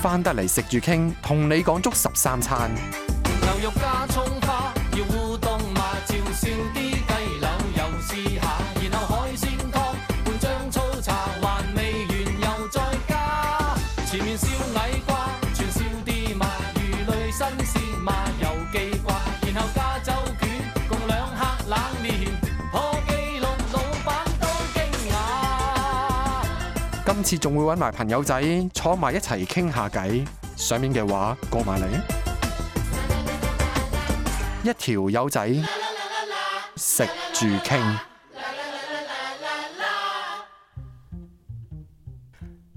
翻得嚟食住傾，同你講足十三餐。牛肉加蔥花，要烏冬就算啲。次仲會揾埋朋友仔坐埋一齊傾下偈，上面嘅話過埋嚟， 一條友仔食住傾，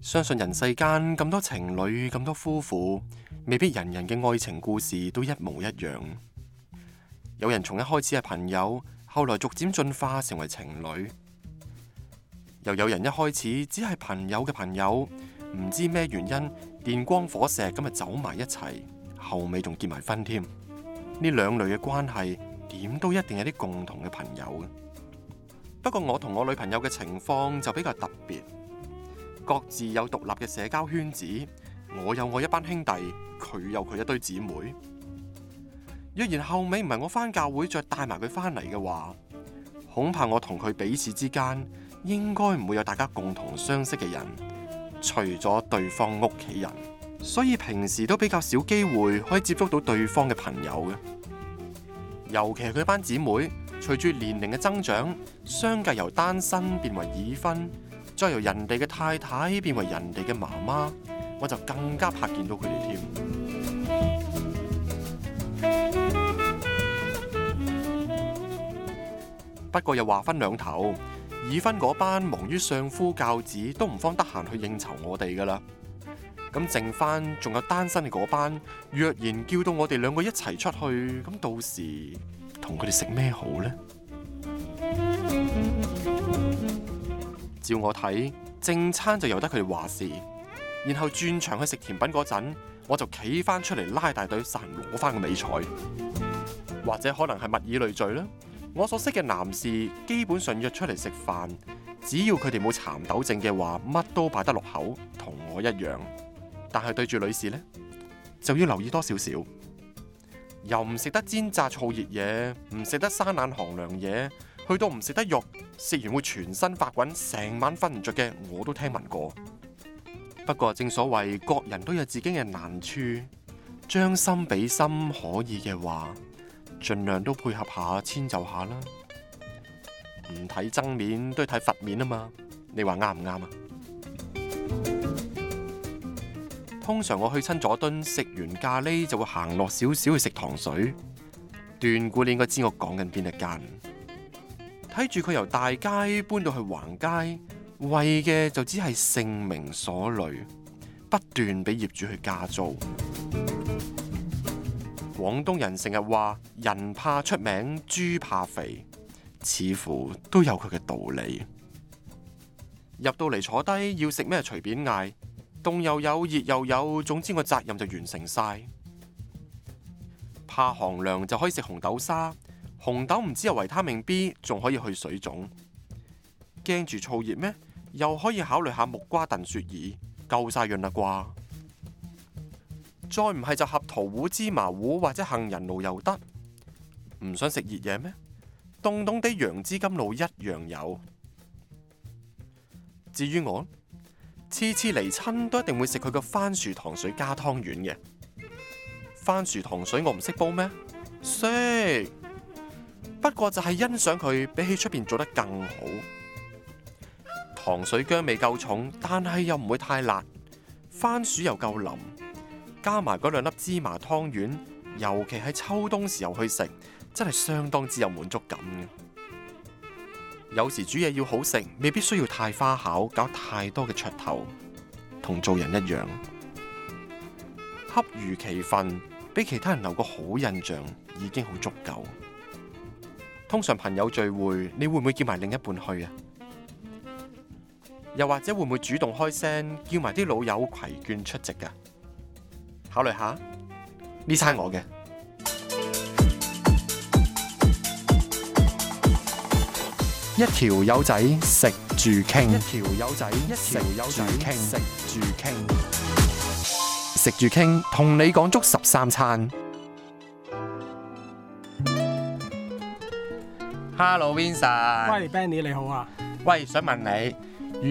相信人世間咁多情侶，咁多夫婦，未必人人嘅愛情故事都一模一樣。有人從一開始係朋友，後來逐漸進化成為情侶。又有人一開始只係朋友嘅朋友，唔知咩原因電光火石咁啊，走埋一齊，後尾仲結埋婚添。呢兩類嘅關係點都一定有啲共同嘅朋友。不過我同我女朋友嘅情況就比較特別，各自有獨立嘅社交圈子，我有我一班兄弟，佢有佢一堆姊妹。若然後尾唔係我返教會再帶埋佢返嚟嘅話，恐怕我同佢彼此之間。應該唔會有大家共同相識嘅人，除咗對方屋企人，所以平時都比較少機會可以接觸到對方嘅朋友嘅。尤其係佢班姊妹，隨住年齡嘅增長，相繼由單身變為已婚，再由人哋嘅太太變為人哋嘅媽媽，我就更加怕見到佢哋添。不過又話分兩頭。已婚嗰班忙於相夫教子，都唔方得閒去應酬我哋噶啦。咁剩翻仲有單身嘅嗰班，若然叫到我哋兩個一齊出去，咁到時同佢哋食咩好呢？照我睇，正餐就由得佢哋話事，然後轉場去食甜品嗰陣，我就企翻出嚟，拉大隊殺人。攞翻個美彩，或者可能係物以類聚啦。我所識嘅男士，基本上約出嚟食飯，只要佢哋冇蠶豆症嘅話，乜都擺得落口，同我一樣。但係對住女士呢，就要留意多少少，又唔食得煎炸燥熱嘢，唔食得生冷寒涼嘢，去到唔食得肉，食完會全身發滾，成晚瞓唔着嘅，我都聽聞過。不過正所謂，各人都有自己嘅難處，將心比心可以嘅話，盡量都配合下，遷就下啦。唔睇僧面，都要睇佛面啊嘛。你話啱唔啱啊？ 通常我去親佐敦食完咖喱，就會行落少少去食糖水。斷估你應該知我講緊邊一間。睇住佢由大街搬到去橫街，為嘅就只係盛名所累，不斷俾業主去加租。廣東人成日話人怕出名豬怕肥，似乎都有佢嘅道理。入到嚟坐低要食咩隨便嗌，凍又有熱又有，總之個責任就完成晒。怕寒涼就可以食紅豆沙，紅豆唔止有維他命 B，仲可以去水腫。驚住燥熱咩？又可以考慮下木瓜燉雪耳，夠晒潤啦啩。再唔係就合桃糊、芝麻糊或者杏仁露又得，唔想食熱嘢咩？凍凍地楊枝甘露一樣有。至於我，次次嚟親都一定會食佢個番薯糖水加湯圓嘅番薯糖水我。我唔識煲咩？識，不過就係欣賞佢比起出邊做得更好。糖水薑味夠重，但係又唔會太辣，番薯又夠腍。加埋嗰兩粒芝麻湯圓，尤其喺秋冬時候去食，真係相當之有滿足感嘅。有時煮嘢要好食，未必需要太花巧，搞太多嘅噱頭。同做人一樣，恰如其分，俾其他人留個好印象已經好足夠。通常朋友聚會，你會唔會叫埋另一半去啊？又或者會唔會主動開聲叫埋啲老友攜眷出席噶？考慮下呢餐我嘅一條友仔食住傾，一條友仔，一條友仔食住傾，食住傾同你講足十三餐。Hello，Vincent。喂，Benny 你好啊。喂，想問你，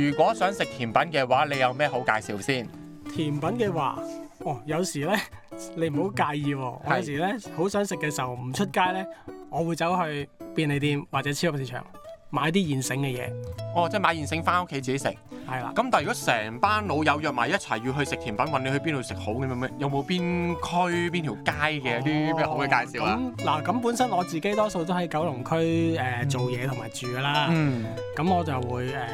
如果想食甜品嘅話，你有咩好介紹先？甜品嘅話。哦，有時咧，你唔好介意喎、哦。嗯、我有時咧，好是想食嘅時候唔出街咧，我會走去便利店或者超級市場。買啲現成嘅嘢，哦，即係買現成返屋企自己食，係啦的。咁但係如果成班老友約埋一齊要去食甜品，問你去邊度食好咁樣，有冇邊區邊條街嘅啲咩好嘅介紹啊？嗱，咁本身我自己多數都喺九龍區誒做嘢同埋住㗎喇，咁、嗯、我就會誒、呃、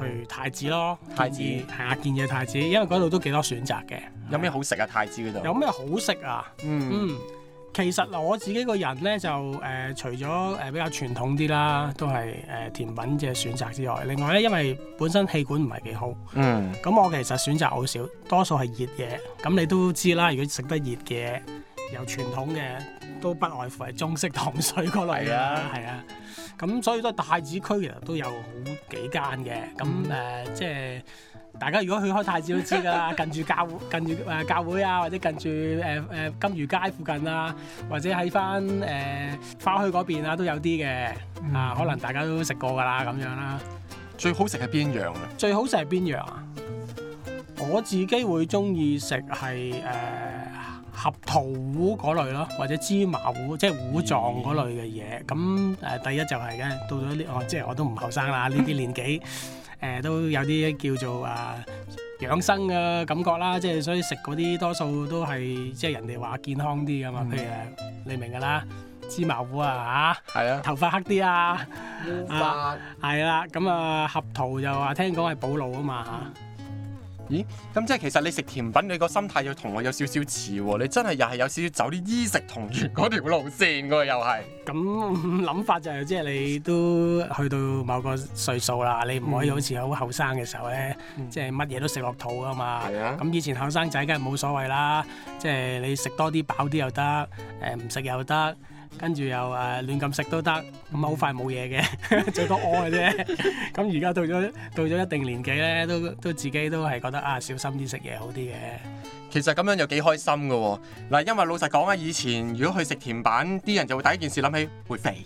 會去太子咯，太子係啊，建議嘅太子，因為嗰度都幾多選擇嘅。有咩好食啊？太子嗰度有咩好食啊？嗯。嗯。其實我自己個人呢，就誒、呃，除咗誒、呃、比較傳統啲啦，都係誒、呃、甜品嘅選擇之外，另外呢，因為本身氣管唔係幾好，嗯，咁我其實選擇好少，多數係熱嘢。咁你都知啦，如果食得熱嘅又傳統嘅，都不外乎係中式糖水嗰類嘅、嗯、啊，係啊。咁所以都係太子區其實都有好幾間嘅，咁誒、嗯呃、即係。大家如果去開太子都知㗎啦， 近住教近住誒教會啊，或者近住誒誒金魚街附近啊，或者喺翻誒花墟嗰邊啊，都有啲嘅啊，可能大家都食過噶啦咁樣啦。最好食係邊樣啊？最好食係邊樣啊？我自己會中意食係誒合桃糊嗰類咯，或者芝麻糊，即係糊狀嗰類嘅嘢。咁誒、嗯呃、第一就係嘅，到咗呢我即係我都唔後生啦，呢啲年紀。 誒、呃、都有啲叫做啊養生嘅感覺啦，即係所以食嗰啲多數都係即係人哋話健康啲噶嘛，譬如、mm hmm. 你明噶啦，芝麻糊啊嚇，係啊，Yeah. 頭髮黑啲啊，係啦，咁啊合桃就話聽講係補腦啊嘛。Mm hmm. 咦，咁即係其實你食甜品你個心態要同我有少少似喎，你真係又係有少少走啲醫食同源嗰條路線㗎、啊、又係。咁諗法就係、是、即係你都去到某個歲數啦，你唔可以好似好後生嘅時候咧，即係乜嘢都食落肚啊嘛。係啊。咁以前後生仔梗係冇所謂啦，即係你食多啲飽啲又得，誒唔食又得。跟住又誒、呃、亂咁食都得，咁好快冇嘢嘅， 最多屙嘅啫。咁而家到咗到咗一定年紀咧，都都自己都係覺得啊，小心啲食嘢好啲嘅。其實咁樣又幾開心㗎喎。嗱，因為老實講啊，以前如果去食甜品，啲人就會第一件事諗起會肥。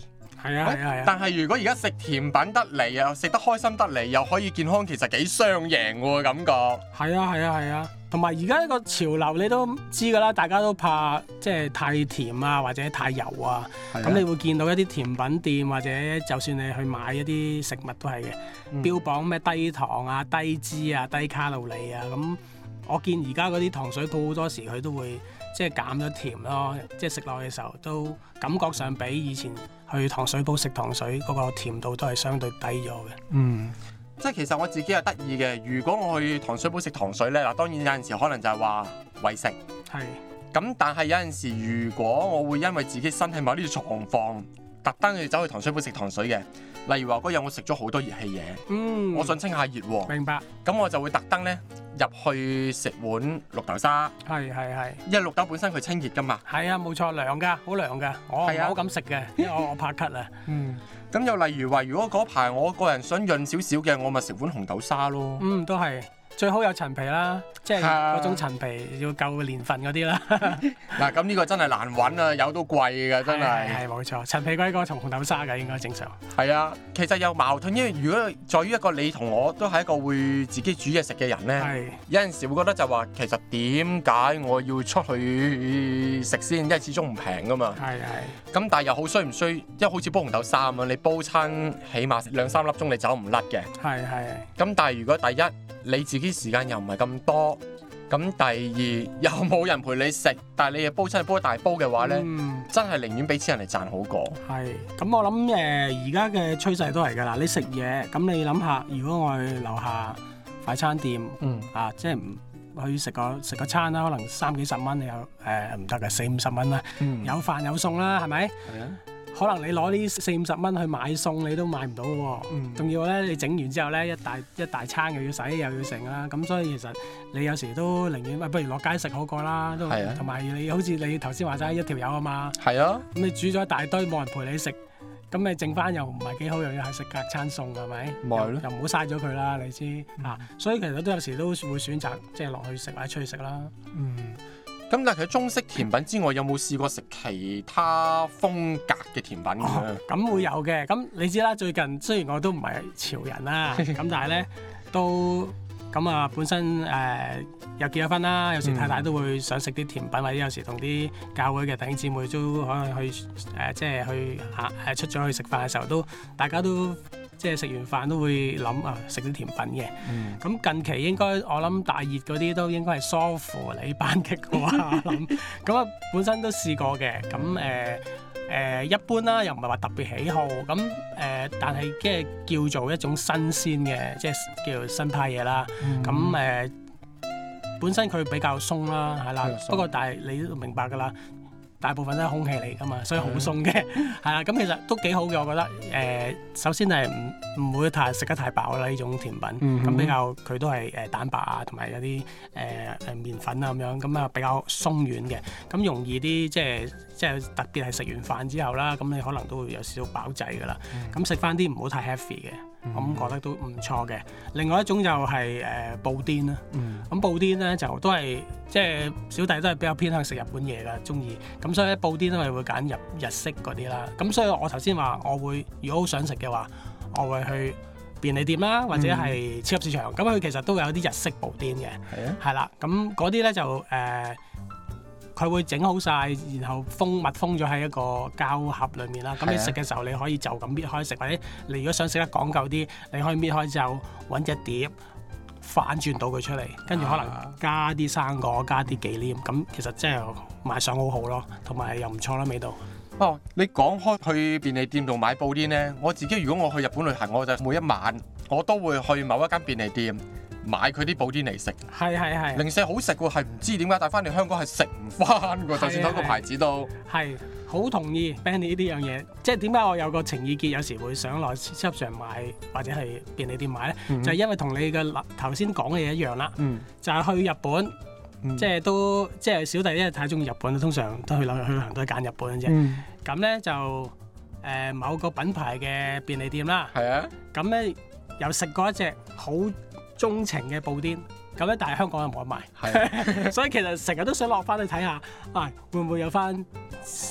係啊係啊。欸、啊啊但係如果而家食甜品得嚟啊，食得開心得嚟又可以健康，其實幾雙贏嘅感覺。係啊係啊係啊。同埋而家呢個潮流你都知㗎啦，大家都怕即係太甜啊或者太油啊，咁的你會見到一啲甜品店或者就算你去買一啲食物都係嘅，嗯、標榜咩低糖啊、低脂啊、低卡路里啊，咁我見而家嗰啲糖水鋪好多時佢都會即係減咗甜咯，即係食落嘅時候都感覺上比以前去糖水鋪食糖水嗰、嗰個甜度都係相對低咗嘅。嗯。即係其實我自己係得意嘅，如果我去糖水鋪食糖水咧，當然有陣時可能就係話為食，咁是但係有陣時，如果我會因為自己身體某啲狀況。特登去走去糖水鋪食糖水嘅，例如話嗰日我食咗好多熱氣嘢，嗯，我想清下熱，明白。咁我就會特登咧入去食碗綠豆沙，係係係，因為綠豆本身佢清熱噶嘛。係啊，冇錯，涼噶，好涼噶，我啊，好敢食嘅，因為我我怕咳啊。 嗯，咁又例如話，如果嗰排我個人想潤少少嘅，我咪食碗紅豆沙咯。嗯，都係。最好有陳皮啦，即係嗰種陳皮要夠年份嗰啲啦。嗱，咁呢個真係難揾啊，有都貴㗎，真係。係，冇錯，陳皮嗰個同紅豆沙㗎，應該正常。係啊，其實有矛盾，因為如果在於一個你同我都係一個會自己煮嘢食嘅人咧，是有陣時會覺得就話其實點解我要出去食先？因為始終唔平㗎嘛。係係是。咁但係又好衰唔衰？因為好似煲紅豆沙咁樣，你煲餐起碼兩三粒鐘，你走唔甩嘅。係係是。咁但係如果第一你自啲時間又唔係咁多，咁第二又冇人陪你食，但係你又煲出嚟煲大煲嘅話咧，嗯、真係寧願俾錢人哋賺好過。係，咁我諗誒，而家嘅趨勢都係㗎啦。你食嘢，咁你諗下，如果我去樓下快餐店，嗯、啊，即係唔去食個食個餐啦，可能三幾十蚊你又誒唔得嘅，四五十蚊啦，嗯、有飯有餸啦，係咪？可能你攞呢四五十蚊去買餸，你都買唔到喎。嗯。仲要咧，你整完之後咧，一大一大餐又要洗又要剩啦。咁所以其實你有時都寧願啊，不如落街食好過啦。係啊。同埋你好似你頭先話齋一條友啊嘛。係啊。嗯。咁你煮咗一大堆，冇人陪你食，咁你剩翻又唔係幾好，又要係食隔餐餸係咪？咪咯。又唔好嘥咗佢啦，你知啊？嗯。所以其實都有時都會選擇即係落去食或者出去食啦。嗯。咁但係除咗中式甜品之外，有冇試過食其他風格嘅甜品咁咧？哦、會有嘅。咁你知啦，最近雖然我都唔係潮人啦，咁 但係咧都咁啊，本身誒、呃、又結咗婚啦，有時太太都會想食啲甜品，或者有時同啲教會嘅弟兄姊妹都可能去誒、呃，即係去下誒、啊、出咗去食飯嘅時候，都大家都。即係食完飯都會諗啊，食啲甜品嘅。咁、嗯、近期應該我諗大熱嗰啲都應該係疏乎你班戟啩，我諗。咁啊， 本身都試過嘅。咁誒誒一般啦，又唔係話特別喜好。咁誒、呃，但係即係叫做一種新鮮嘅，即係叫做新派嘢啦。咁誒、嗯呃，本身佢比較鬆啦，係啦。不過但係你都明白㗎啦。大部分都係空氣嚟㗎嘛，所以好鬆嘅，係啦，咁其實都幾好嘅，我覺得。誒、呃，首先係唔唔會太食得太飽啦，呢種甜品，咁、mm hmm. 比較佢都係誒蛋白啊，同埋有啲誒誒麵粉啊咁樣，咁啊比較鬆軟嘅，咁容易啲即係即係特別係食完飯之後啦，咁你可能都會有少少飽滯㗎啦，咁食返啲唔好太 heavy 嘅。咁、嗯、覺得都唔錯嘅，另外一種就係、是、誒、呃、布甸啦。咁、嗯、布甸呢，就都係即係小弟都係比較偏向食日本嘢噶，中意，咁所以布甸因為會揀日日式嗰啲啦。咁所以我頭先話我會，如果好想食嘅話，我會去便利店啦，或者係超級市場。咁佢、嗯、其實都有啲日式布甸嘅，係啦的。咁嗰啲呢，就誒。呃佢會整好晒，然後封密封咗喺一個膠盒裏面啦。咁、啊、你食嘅時候，你可以就咁搣開食，或者你如果想食得講究啲，你可以搣開之後搵隻碟，反轉到佢出嚟，跟住可能加啲生果，加啲忌廉。咁、啊、其實真係賣相好好咯，同埋又唔錯啦，味道。哦，你講開去便利店度買布甸咧，我自己如果我去日本旅行，我就每一晚我都會去某一家便利店。買佢啲保鮮嚟食，係係係，零食好食嘅喎，係唔知點解帶翻嚟香港係食唔翻嘅喎，就算喺個牌子都，係好同意。Benny 呢樣嘢，即係點解我有個情意結，有時會想落 shop 上買或者係便利店買咧，就係因為同你嘅頭先講嘅嘢一樣啦。就係去日本，即係都即係小弟咧太中意日本通常都去紐去旅行都係揀日本嘅啫。咁咧就誒某個品牌嘅便利店啦，係啊，咁咧又食過一隻好鐘情嘅布甸，咁咧但係香港又冇得賣，是啊、 所以其實成日都想落翻去睇下，啊、哎、會唔會有翻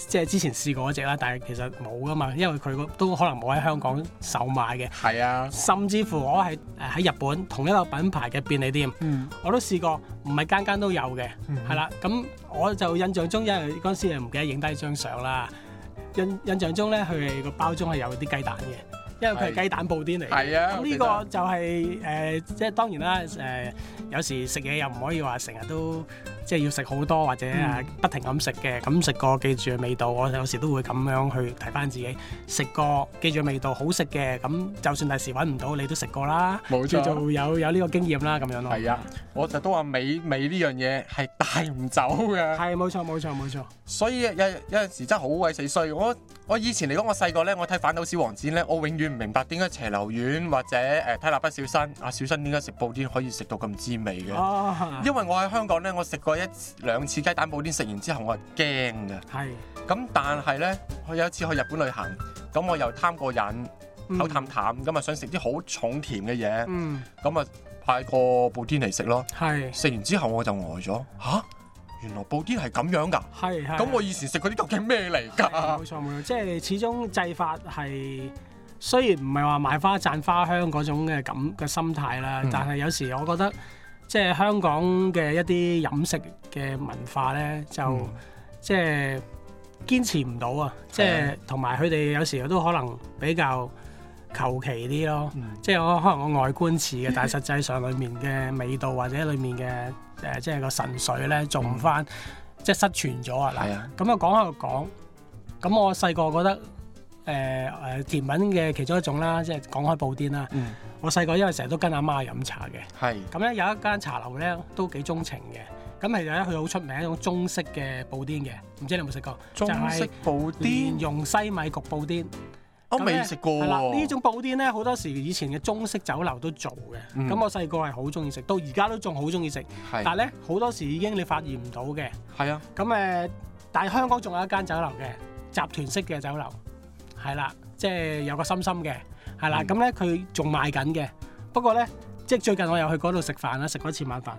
即係之前試過嗰隻啦？但係其實冇㗎嘛，因為佢都可能冇喺香港售賣嘅，係是啊，甚至乎我係誒喺日本同一個品牌嘅便利店，嗯、我都試過，唔係間間都有嘅，係、嗯、啦。咁我就印象中，因為嗰陣時唔記得影低張相啦，印印象中咧佢係個包裝係有啲雞蛋嘅。因為佢係雞蛋布丁嚟嘅，咁呢、啊、個就係、是、誒，即係、呃、當然啦，誒、呃、有時食嘢又唔可以話成日都即係要食好多或者啊不停咁食嘅，咁食過記住嘅味道，我有時都會咁樣去提翻自己，食過記住嘅味道好食嘅，咁就算第時揾唔到你都食過啦，冇錯，叫做有有呢個經驗啦咁樣咯。係啊，我就都話美美呢樣嘢係帶唔走嘅。係冇錯，冇錯，冇錯。所以有有陣時真係好鬼死衰，我我以前嚟講，我細個咧，我睇《反斗小王子》咧，我永遠，唔明白點解斜流丸或者誒睇《蠟筆小新》啊，小新點解食布丁可以食到咁滋味嘅？哦，因為我喺香港咧，我食過一兩次雞蛋布丁，食完之後我係驚嘅。係咁，但係咧，我有一次去日本旅行，咁我又貪過癮，口淡淡咁啊，想食啲好重甜嘅嘢。咁啊派個布丁嚟食咯。係食完之後我就呆咗吓，原來布丁係咁樣㗎。係咁，我以前食嗰啲究竟咩嚟㗎？冇錯冇錯，即係始終製法係。雖然唔係話賣花讚花香嗰種嘅噉嘅心態啦，嗯、但係有時我覺得即係香港嘅一啲飲食嘅文化呢，就、嗯、即係堅持唔到啊！即係同埋佢哋有時又都可能比較求其啲咯，嗯、即係我可能我外觀似嘅，嗯、但係實際上裡面嘅味道或者裡面嘅誒即係個神髓呢，做唔翻，嗯、即係失傳咗啊！咁啊講又講，咁我細個覺得。誒誒甜品嘅其中一種啦，即係講開布丁啦。我細個因為成日都跟阿媽飲茶嘅，係。咁咧有一間茶樓咧都幾鍾情嘅。咁其實咧，佢好出名一種中式嘅布丁嘅，唔知你有冇食過？中式布丁用西米焗布丁，我未食過喎。呢種布丁咧，好多時以前嘅中式酒樓都做嘅。咁我細個係好中意食，到而家都仲好中意食。但係咧，好多時已經你發現唔到嘅。係啊。咁誒，但係香港仲有一間酒樓嘅集團式嘅酒樓。係啦，即係有個心心嘅係啦，咁咧佢仲賣緊嘅。不過咧，即係最近我又去嗰度食飯啦，食過一次晚飯。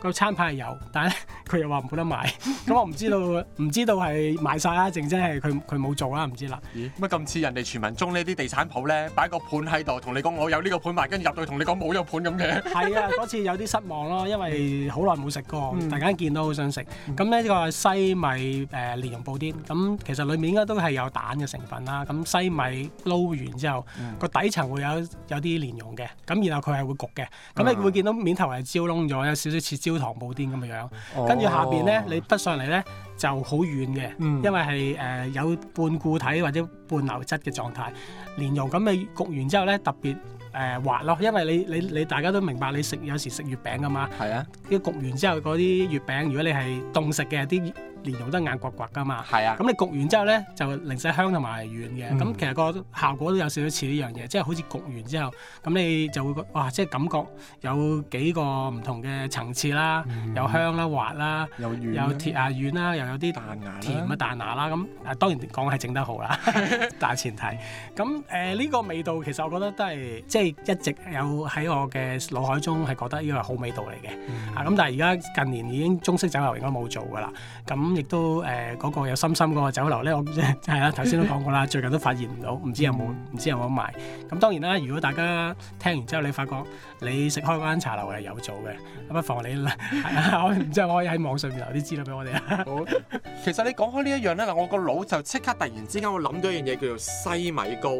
個餐牌係有，但係咧佢又話唔冇得賣，咁 我唔知道，唔 知道係賣晒啦，定即係佢佢冇做啦，唔知啦。咦？乜咁似人哋傳聞中呢啲地產鋪咧，擺個盤喺度，同你講我有呢個盤埋，去跟住入到同你講冇呢個盤咁嘅。係啊 ，嗰次有啲失望咯，因為好耐冇食過，突然間見到好想食。咁呢、嗯、個係西米誒、呃、蓮蓉布甸，咁其實裡面應該都係有蛋嘅成分啦。咁西米撈完之後，個、嗯、底層會有有啲蓮蓉嘅，咁然後佢係會焗嘅，咁、嗯嗯、你會見到面頭係焦燶咗，有少少黐。焦糖布甸咁嘅樣，跟住、哦、下邊呢，你揼上嚟呢就好軟嘅，嗯、因為係誒、呃、有半固體或者半流質嘅狀態，蓮蓉咁嘅焗完之後呢特別誒、呃、滑咯，因為你你你大家都明白，你食有時食月餅㗎嘛，啲、啊、焗完之後嗰啲月餅，如果你係凍食嘅啲。連用得硬掘掘噶嘛，係啊！咁、嗯、你焗完之後咧，就零舍香同埋軟嘅，咁、嗯、其實個效果都有少少似呢樣嘢，即、就、係、是、好似焗完之後，咁你就會覺得哇，即係感覺有幾個唔同嘅層次啦，嗯、有香啦，滑啦，有軟啦，有鐵牙、啊、軟啦，又有啲彈牙，牙啦，甜嘅彈牙啦，咁啊當然講係整得好啦，但係 大前提咁誒呢個味道其實我覺得都係即係一直有喺我嘅腦海中係覺得呢個係好味道嚟嘅，嗯、啊咁但係而家近年已經中式酒樓應該冇做噶啦，咁。嗯亦都誒嗰、呃那個有心心嗰個酒樓咧，我唔知，係啦、啊，頭先都講過啦， 最近都發現唔到，唔知有冇，唔 知有冇賣。咁當然啦，如果大家聽完之後，你發覺你食開嗰間茶樓係有做嘅，咁不妨你係啊，然之後我可以喺網上面留啲資料俾我哋啊。好，其實你講開呢一樣咧，嗱，我個腦就即刻突然之間會諗到一樣嘢，叫做西米糕。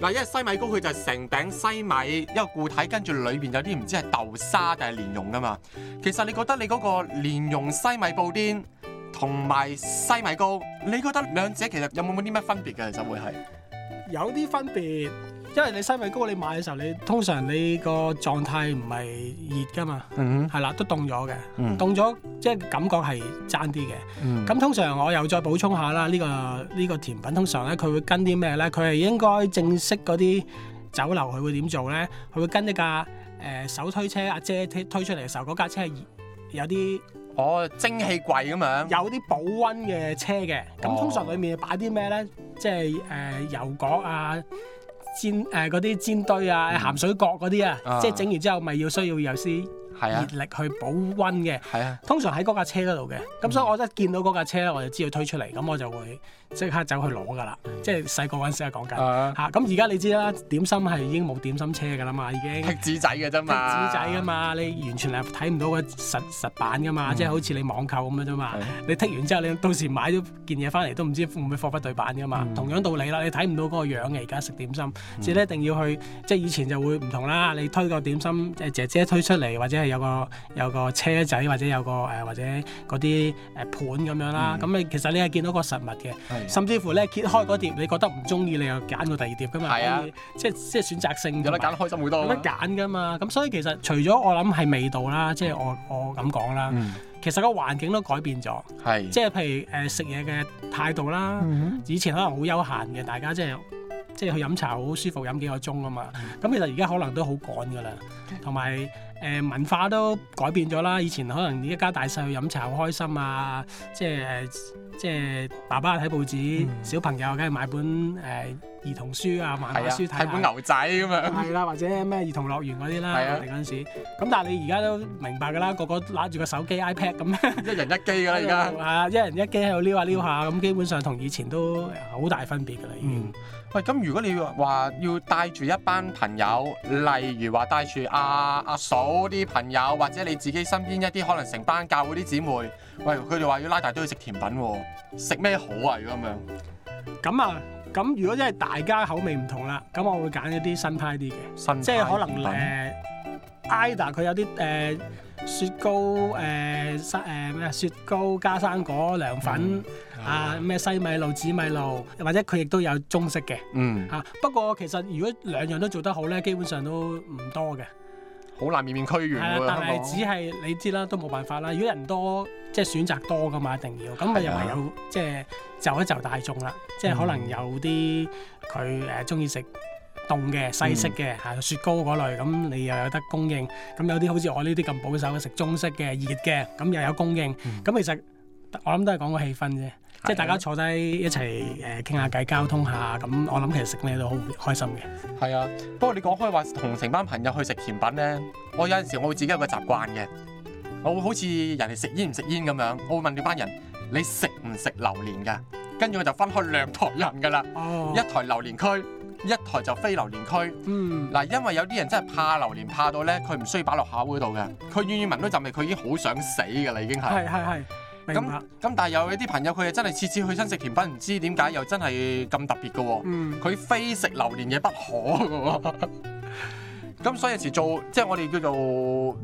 嗱，因為西米糕佢就係成頂西米一個固體，跟住裏邊有啲唔知係豆沙定係蓮蓉噶嘛。其實你覺得你嗰個蓮蓉西米布甸，同埋西米糕，你覺得兩者其實有冇啲乜分別嘅？就會係有啲分別，因為你西米糕你買嘅時候，你通常你個狀態唔係熱㗎嘛，係啦、mm hmm.，都凍咗嘅，凍咗、mm hmm. 即係感覺係爭啲嘅。咁、mm hmm. 通常我又再補充下啦，呢、呢個呢、呢個甜品通常咧，佢會跟啲咩呢？佢係應該正式嗰啲酒樓，佢會點做呢？佢會跟一架誒、呃、手推車阿姐推出嚟嘅時候，嗰架車係熱有啲。哦，蒸氣櫃咁樣，有啲保溫嘅車嘅，咁通常裏面擺啲咩咧？哦、即係誒、呃、油角啊，煎誒嗰啲煎堆啊，嗯、鹹水角嗰啲啊，即係整完之後咪要需要油絲。係熱力去保温嘅，啊、通常喺嗰架車嗰度嘅，咁、嗯、所以我一見到嗰架車咧，我就知道推出嚟，咁我就會即刻走去攞㗎啦。即係細個嗰陣時係講緊吓，咁而家你知啦，點心係已經冇點心車㗎啦嘛，已經剔紙仔㗎啫嘛，剔紙仔㗎嘛，你完全係睇唔到個實,實版㗎嘛，嗯、即係好似你網購咁樣啫嘛。嗯、是你剔完之後，你到時買咗件嘢翻嚟都唔知會唔會貨不對版㗎嘛。嗯、同樣道理啦，你睇唔到嗰個樣嘅而家食點心，即、嗯、所以一定要去，即係以前就會唔同啦。你推個點心，誒姐姐推出嚟或者係。有個有個車仔或者有個誒、呃、或者嗰啲誒盤咁樣啦，咁你、嗯、其實你係見到個實物嘅。的甚至乎咧揭開嗰碟、嗯、你覺得唔中意，你又揀個第二碟噶嘛的，即係即係選擇性有得揀，開心好多，有得揀噶嘛，咁所以其實除咗我諗係味道啦，即係、嗯、我我咁講啦，嗯、其實個環境都改變咗，的即係譬如誒食嘢嘅態度啦，嗯、以前可能好悠閒嘅，大家即、就、係、是。即係去飲茶好舒服，飲幾個鐘啊嘛。咁 其實而家可能都好趕噶啦，同埋誒文化都改變咗啦。以前可能你一家大細去飲茶好開心啊，即係即係爸爸睇報紙，嗯、小朋友梗係買本誒、呃兒童書啊，漫畫書睇本牛仔咁樣，係啦，或者咩兒童樂園嗰啲啦，我哋嗰陣時。咁但係你而家都明白㗎啦，個個拿住個手機 iPad 咁，一人一機㗎啦，而家啊，一人一機喺度撩下撩下，咁、嗯、基本上同以前都好大分別㗎啦，已經、嗯。嗯、喂，咁如果你話要，要帶住一班朋友，嗯、例如話帶住阿阿嫂啲朋友，或者你自己身邊一啲可能成班教會啲姊妹，喂，佢哋話要拉大都要食甜品喎、啊，食咩好啊？如果咁樣，咁、嗯、啊。咁如果真係大家口味唔同啦，咁我會揀一啲新派啲嘅，新派即係可能誒 IDA 佢有啲誒、呃、雪糕誒生誒咩啊雪糕加生果涼粉、嗯嗯、啊咩西米露、紫米露，或者佢亦都有中式嘅，嚇、嗯啊。不過其實如果兩樣都做得好咧，基本上都唔多嘅。好難面面俱圓㗎，但係只係你知啦，都冇辦法啦。如果人多，即係選擇多㗎嘛，一定要咁，咪又係有的即係就一就大眾啦。嗯、即係可能有啲佢誒中意食凍嘅西式嘅嚇、嗯啊、雪糕嗰類，咁你又有得供應。咁有啲好似我呢啲咁保守嘅食中式嘅熱嘅，咁又有供應。咁、嗯、其實我諗都係講個氣氛啫。即係大家坐低一齊誒傾下偈，溝通下咁，我諗其實食咩都好開心嘅。係啊，不過你講開話同成班朋友去食甜品咧，我有陣時我自己有個習慣嘅，我會好似人哋食煙唔食煙咁樣，我會問呢班人你食唔食榴蓮㗎？跟住我就分開兩台人㗎啦，哦、一台榴蓮區，一台就非榴蓮區。嗱、嗯，因為有啲人真係怕榴蓮怕到咧，佢唔需要擺落下碗度嘅，佢遠遠聞到陣味，佢已經好想死㗎啦，已經係。係係係。咁咁，但係又有啲朋友，佢又真係次次去親食甜品，唔知點解又真係咁特別嘅喎。佢、嗯、非食榴槤嘢不可嘅喎。咁 所以有時做即係我哋叫做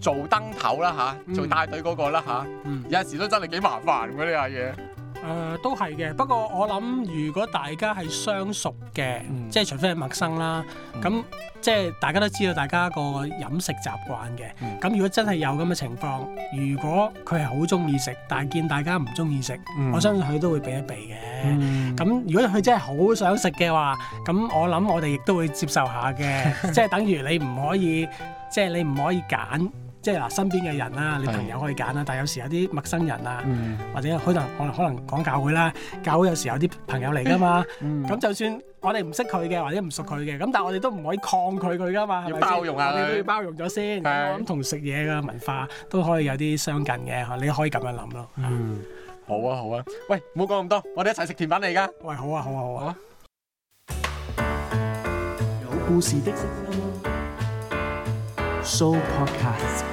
做燈頭啦嚇，做帶隊嗰、那個啦嚇，有時都真係幾麻煩嘅呢下嘢。誒、呃、都係嘅，不過我諗如果大家係相熟嘅，嗯、即係除非係陌生啦，咁、嗯、即係大家都知道大家個飲食習慣嘅，咁、嗯、如果真係有咁嘅情況，如果佢係好中意食，但見大家唔中意食，嗯、我相信佢都會避一避嘅。咁、嗯、如果佢真係好想食嘅話，咁我諗我哋亦都會接受下嘅，即係、嗯、等於你唔可以，即係 你唔可以揀。即係嗱，身邊嘅人啊，你朋友可以揀啦。是但係有時有啲陌生人啊，嗯、或者可能我哋可能講教會啦，教會有時有啲朋友嚟㗎嘛。咁、嗯、就算我哋唔識佢嘅，或者唔熟佢嘅，咁但係我哋都唔可以抗拒佢㗎嘛。要包容啊！吧我哋都要包容咗先。咁同、啊、食嘢嘅文化都可以有啲相近嘅，你可以咁樣諗咯。嗯、好啊好啊。喂，唔好講咁多，我哋一齊食甜品嚟㗎。喂，好啊好啊好啊。好啊好啊有故事的聲音、啊、Show podcast